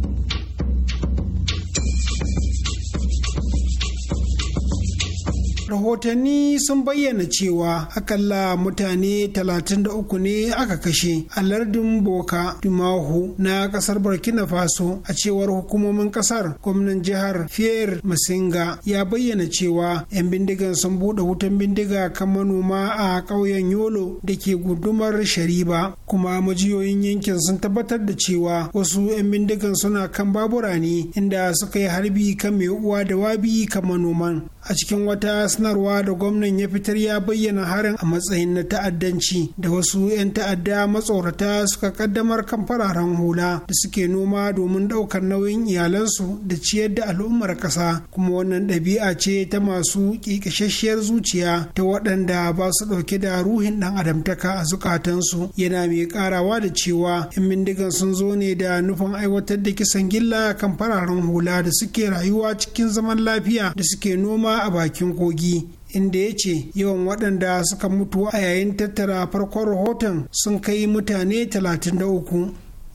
rahotanni sun bayyana cewa akalla mutane 33 ne aka kashe a lardin boka dumahu na kasar burkina faso a cewar hukumomin kasar gwamnan jihar fier masinga ya bayyana cewa 'yan bindigan sun buɗe wutan bindiga kan manoma a ƙauyen yolo da ke gudumar shariba kuma majiyoyin yankin sun tabbatar da cewa wasu 'yan bindigan suna kan babura ne inda suka yi harbi kan mai uwa da wabi kan manoman a cikin wata sanarwa da gwamnan ya fitar ya bayyana harin a matsayin na ta'addanci da wasu 'yan ta'adda matsorata suka kaddamar kan fararen hula da suke noma domin ɗaukar nauyin iyalansu da ciyar da al'ummar ƙasa kuma wannan ɗabi'a ce ta masu ƙiƙashasshiyar zuciya ta waɗanda ba su ɗauke da ruhin ɗan adamtaka a zukatansu yana mai ƙarawa da cewa 'yan bindigan sun zo ne da nufin aiwatar da kisan gilla kan fararen hula da suke rayuwa cikin zaman lafiya da suke noma zama a bakin kogi inda ya ce yawan waɗanda suka mutu a yayin tattara farkon rahoton sun kai mutane 33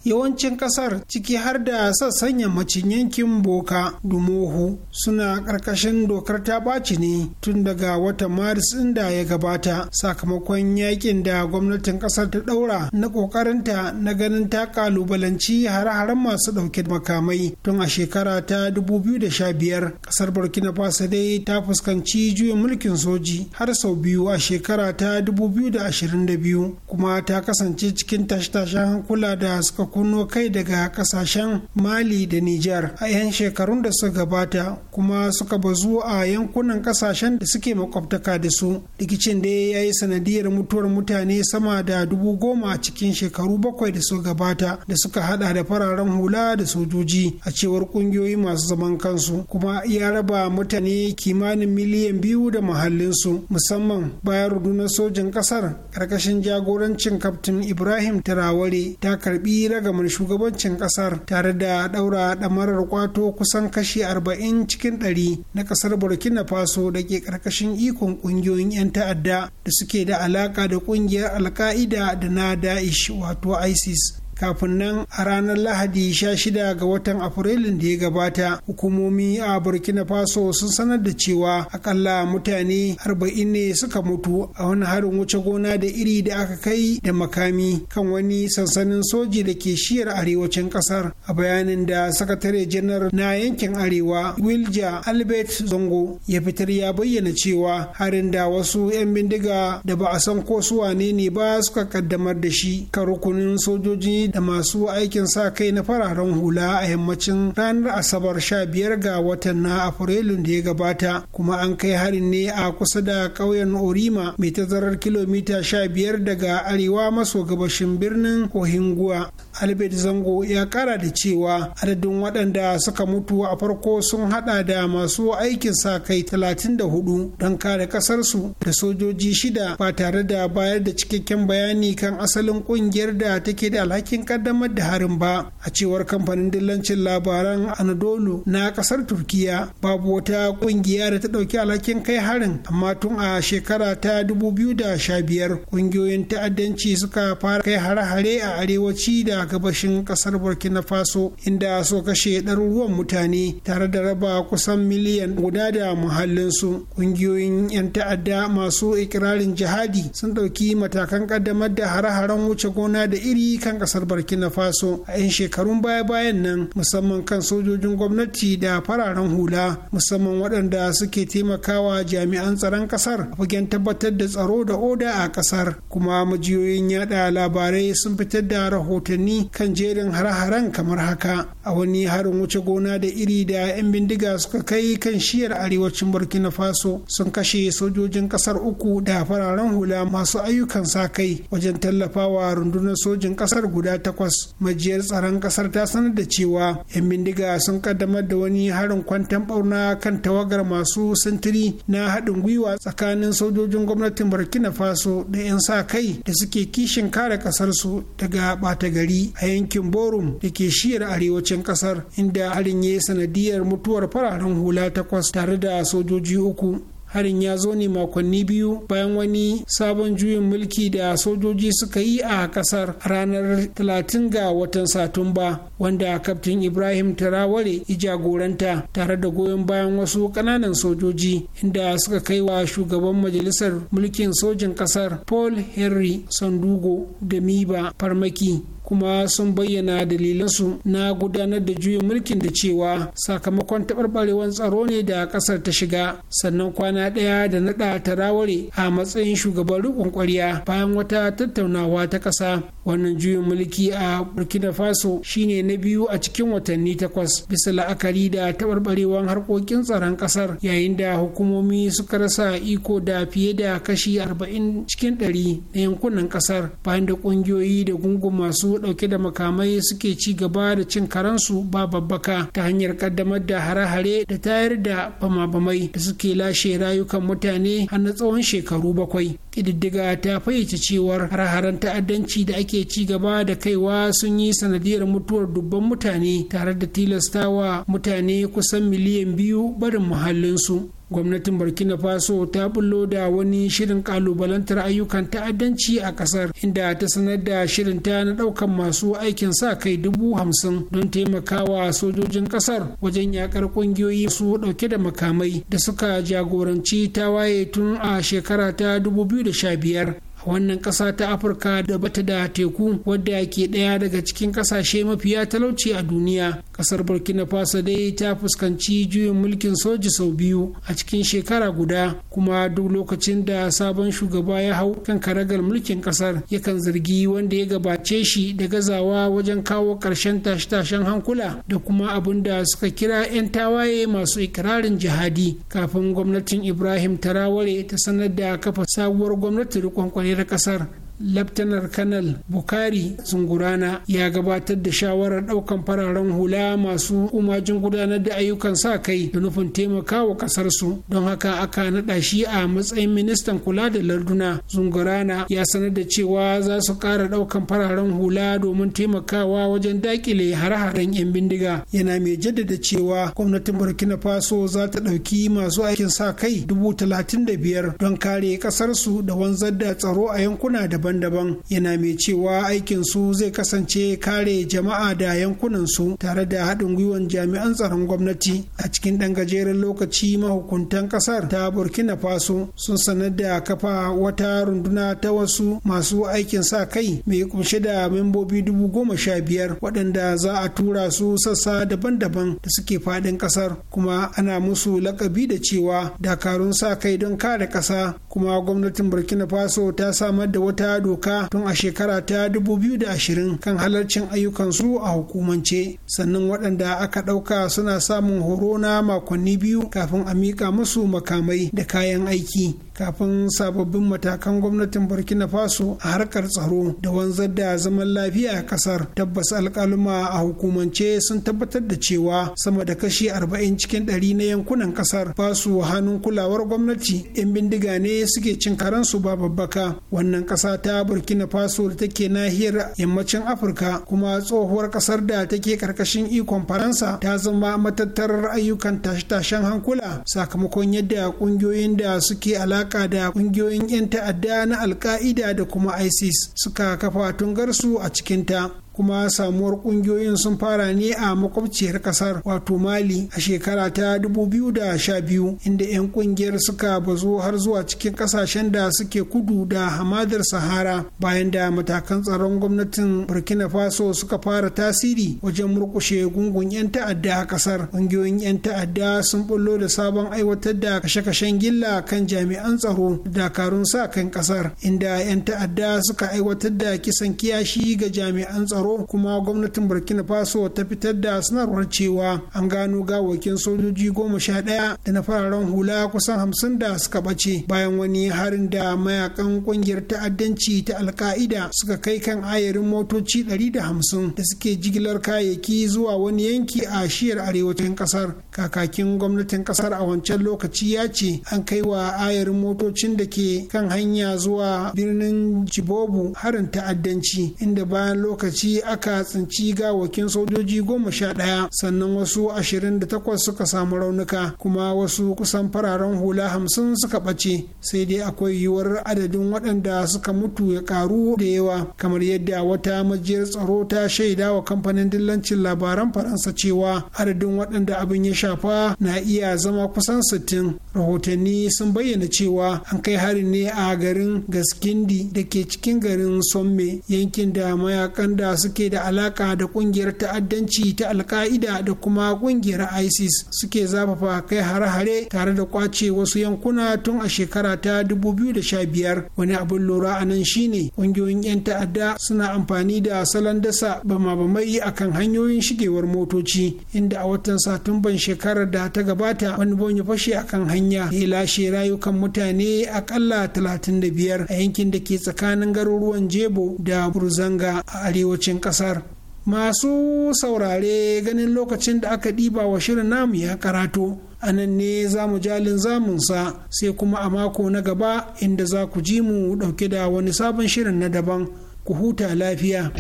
yawancin kasar ciki har da sassan yammacin yankin boka dumohu suna ƙarƙashin dokar ta ɓaci ne tun daga watan maris inda da ya gabata sakamakon yakin da gwamnatin kasar ta ɗaura na ƙoƙarinta na ganin ta ƙalubalanci hare-haren masu ɗauke makamai tun a shekara ta 2015 kasar burkina faso dai ta fuskanci juyin mulkin soji har sau biyu a shekara ta 2022 kuma ta kasance cikin tashe-tashen hankula da suka kunno kai daga kasashen mali da nijar a 'yan shekarun da suka gabata kuma suka bazu a yankunan kasashen da suke makwabtaka da su rikicin da ya yi sanadiyar mutuwar mutane sama da dubu goma a cikin shekaru bakwai da suka gabata da suka hada da fararen hula da sojoji a cewar kungiyoyi masu zaman kansu kuma ya raba mutane kimanin miliyan biyu da muhallinsu musamman bayan rundunar sojin kasar karkashin jagorancin kaftin ibrahim taraware ta karbi raga ragamin shugabancin kasar tare da daura damarar kwato kusan kashi 40 cikin 100 na kasar burkina faso da ke karkashin ikon kungiyoyin 'yan ta'adda da suke da alaka da kungiyar alka'ida da na da'ish wato isis kafin nan a ranar lahadi 16 ga watan afrilun da ya gabata hukumomi a burkina faso sun sanar da cewa akalla mutane 40 ne suka mutu a wani harin wuce gona da iri da aka kai da makami kan wani sansanin soji da ke shiyar arewacin kasar a bayanin da sakatare janar na yankin arewa wilja albert zongo ya fitar ya bayyana cewa harin da wasu 'yan bindiga da ba a san ko su ne ba suka kaddamar da shi kan rukunin sojojin da masu aikin sa kai na fararen hula a yammacin ranar asabar sha biyar ga watan na afrilun da ya gabata kuma an kai harin ne a kusa da ƙauyen orima mai tazarar kilomita sha biyar daga arewa maso gabashin birnin ohingua albert zango ya kara da cewa adadin waɗanda suka mutu a farko sun hada da masu aikin sa kai talatin da 34 don kare ƙasarsu da sojoji shida ba tare da bayar da cikakken bayani kan asalin ƙungiyar da take da alhaki alhakin kaddamar da harin ba a cewar kamfanin dillancin labaran anadolu na kasar turkiya babu wata kungiya da ta dauki alhakin kai harin amma tun a shekara ta dubu biyu da sha biyar kungiyoyin ta'addanci suka fara kai hare-hare a arewaci da gabashin kasar burkina faso inda so kashe ɗaruruwan mutane tare da raba kusan miliyan guda da muhallin su kungiyoyin 'yan ta'adda masu ikirarin jihadi sun ɗauki matakan kaddamar da hare-haren wuce gona da iri kan kasar burkina faso a 'yan shekarun baya-bayan nan musamman kan sojojin gwamnati da fararen hula musamman waɗanda suke taimakawa jami'an tsaron ƙasar a fagen tabbatar da tsaro da oda a ƙasar kuma majiyoyin yada labarai sun fitar da rahotanni kan jerin hare-haren kamar haka a wani harin wuce gona da iri da 'yan bindiga suka kai kan shiyar arewacin burkina faso sun kashe sojojin ƙasar uku da fararen hula masu ayyukan sa kai wajen tallafawa rundunar sojin ƙasar guda takwas majiyar tsaron kasar ta sanar da cewa 'yan bindiga sun kaddamar da wani harin kwantan bauna kan tawagar masu sintiri na haɗin gwiwa tsakanin sojojin gwamnatin burkina faso da 'yan sa kai da suke kishin kare kasarsu daga bata gari a yankin borum da ke shiyar arewacin kasar inda harin ya sanadiyar mutuwar fararen hula takwas tare da sojoji uku harin ya zo ne makonni biyu bayan wani sabon juyin mulki da sojoji suka yi a kasar ranar 30 ga watan satumba wanda kaftin ibrahim tarawale ya jagoranta tare da goyon bayan wasu kananan sojoji inda suka kai wa shugaban majalisar mulkin sojin kasar paul henry sandugo da miba farmaki kuma sun bayyana dalilansu na gudanar da juyin mulkin da cewa sakamakon taɓarɓarewar tsaro ne da ƙasar ta shiga sannan kwana ɗaya da naɗa raware a matsayin shugaban riƙon ƙwarya bayan wata tattaunawa ta ƙasa wannan juyin mulki a burkina faso shine na biyu a cikin watanni takwas bisa la'akari da taɓarɓarewar harkokin tsaron ƙasar yayin da hukumomi suka rasa iko da fiye da kashi arba'in cikin ɗari na yankunan ƙasar bayan da ƙungiyoyi da gungun masu dauke ɗauke da makamai suke ci gaba da cin karansu ba babbaka ta hanyar kaddamar da hare-hare da tayar da bama-bamai da suke lashe rayukan mutane har na tsawon shekaru bakwai ƙididdiga ta fayyace cewar hare-haren ta'addanci da ake ci gaba da kaiwa sun yi sanadiyar mutuwar dubban mutane tare da tilastawa mutane kusan miliyan biyu barin muhallinsu gwamnatin burkina faso ta bullo da wani shirin kalubalantar ayyukan ta'addanci a kasar inda ta sanar da shirin ta na daukan masu aikin sa kai dubu hamsin don taimakawa sojojin kasar wajen yakar kungiyoyi su dauke da makamai da suka jagoranci tawaye tun a shekara ta dubu biyu da sha biyar wannan ƙasa ta afirka da bata da teku wadda ke ɗaya daga cikin ƙasashe mafiya talauci a duniya kasar burkina faso dai ta fuskanci juyin mulkin soji sau biyu a cikin shekara guda kuma duk lokacin da sabon shugaba ya hau kan karagar mulkin kasar yakan zargi wanda ya gabace shi da gazawa wajen kawo ƙarshen tashe-tashen hankula da kuma abin da suka kira 'yan tawaye masu ikirarin jihadi kafin gwamnatin ibrahim tarawale ta sanar da kafa sabuwar gwamnati riƙon na kasar laftanar kanal bukari zungurana ya gabatar da shawarar ɗaukan fararen hula masu umajin gudanar da ayyukan sa kai da nufin taimakawa kasar su don haka aka naɗa shi a matsayin ministan kula da larduna zungurana ya sanar da cewa za su ƙara ɗaukan fararen hula domin taimakawa wajen dakile hare-haren 'yan bindiga yana mai jaddada cewa gwamnatin burkina faso za ta ɗauki masu aikin sa kai dubu talatin da biyar don kare ƙasarsu da wanzar da tsaro a yankuna daban daban-daban yana mai cewa aikin su zai kasance kare jama'a da yankunan su tare da haɗin gwiwan jami'an tsaron gwamnati a cikin ɗan gajeren lokaci mahukuntan ƙasar ta burkina faso sun sanar da kafa wata runduna ta wasu masu aikin sa kai mai kunshe da membobi dubu goma sha biyar waɗanda za a tura su sassa daban-daban da suke faɗin ƙasar kuma ana musu lakabi da cewa dakarun sa kai don kare ƙasa kuma gwamnatin burkina faso ta samar da wata doka tun a shekara ta 2020 kan halarcin ayyukansu a hukumance sannan waɗanda aka ɗauka suna samun horo na makonni biyu kafin a miƙa musu makamai da kayan aiki kafin sababbin matakan gwamnatin burkina faso a harkar tsaro da wanzar da zaman lafiya a kasar tabbas alkaluma a hukumance sun tabbatar da cewa sama da kashi 40 cikin 100 na yankunan kasar ba hannun kulawar gwamnati 'yan bindiga ne suke cin karansu ba babbaka wannan kasa ta burkina faso da take nahiyar yammacin afirka kuma tsohuwar kasar da take karkashin ikon faransa ta zama matattarar ayyukan tashe-tashen hankula sakamakon yadda kungiyoyin da suke alaka alaka da kungiyoyin 'yan ta'adda na alka'ida da kuma isis suka kafa tungarsu a cikinta kuma samuwar kungiyoyin sun fara ne a makwabciyar kasar wato mali a shekara ta 2012 inda 'yan kungiyar suka bazo har zuwa cikin kasashen da suke kudu da hamadar sahara bayan da matakan tsaron gwamnatin burkina faso suka fara tasiri wajen murkushe gungun 'yan ta'adda a kasar kungiyoyin 'yan ta'adda sun bullo da sabon aiwatar da kashe-kashen gilla kan jami'an tsaro da dakarun sa kan kasar inda 'yan ta'adda suka aiwatar da kisan kiyashi ga jami'an tsaro tsaro kuma gwamnatin burkina faso ta fitar da sanarwar cewa an gano gawakin sojoji goma sha ɗaya da na fararen hula kusan hamsin da suka bace bayan wani harin da mayakan ƙungiyar ta'addanci ta alka'ida suka kai kan ayarin motoci ɗari da hamsin da suke jigilar kayayyaki zuwa wani yanki a shiyar arewacin ƙasar kakakin gwamnatin ƙasar a wancan lokaci ya ce an kai wa ayarin motocin da ke kan hanya zuwa birnin jibobu harin ta'addanci inda bayan lokaci aka tsinci gawakin sojoji goma sha ɗaya sannan wasu ashirin da takwas suka samu raunuka kuma wasu kusan fararen hula hamsin suka ɓace sai dai akwai yiwuwar adadin waɗanda suka mutu ya ƙaru da yawa kamar yadda wata majiyar tsaro ta shaida wa kamfanin dillancin labaran faransa cewa adadin waɗanda abin ya shafa na iya zama kusan sittin rahotanni sun bayyana cewa an kai harin ne a garin gaskindi da ke cikin garin somme yankin da mayakan da suke da alaka da kungiyar ta'addanci ta alka'ida da kuma kungiyar isis suke zafafa kai hare-hare tare da kwace wasu yankuna tun a shekara ta 2015 wani abin lura a nan shine kungiyoyin 'yan ta'adda suna amfani da salon dasa bama-bamai akan hanyoyin shigewar motoci inda a watan satumban shekarar da ta gabata wani bonye fashe akan hanya ya lashe rayukan mutane akalla 35 a yankin da ke tsakanin garuruwan jebo da burzanga a arewacin ƙarƙashin ƙasar. masu saurare ganin lokacin da aka ɗiba wa shirin namu ya karatu a nan ne za mu jalin zamunsa sai kuma a mako na gaba inda za ku ji mu ɗauke da wani sabon shirin na daban ku huta lafiya.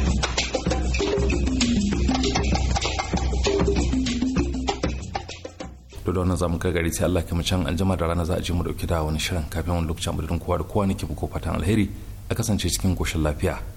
to da wannan zamu gari sai Allah kuma can anjima da rana za a je mu dauki da wani shirin kafin wani lokacin budurin kowa da kowa nake buko fatan alheri a kasance cikin koshin lafiya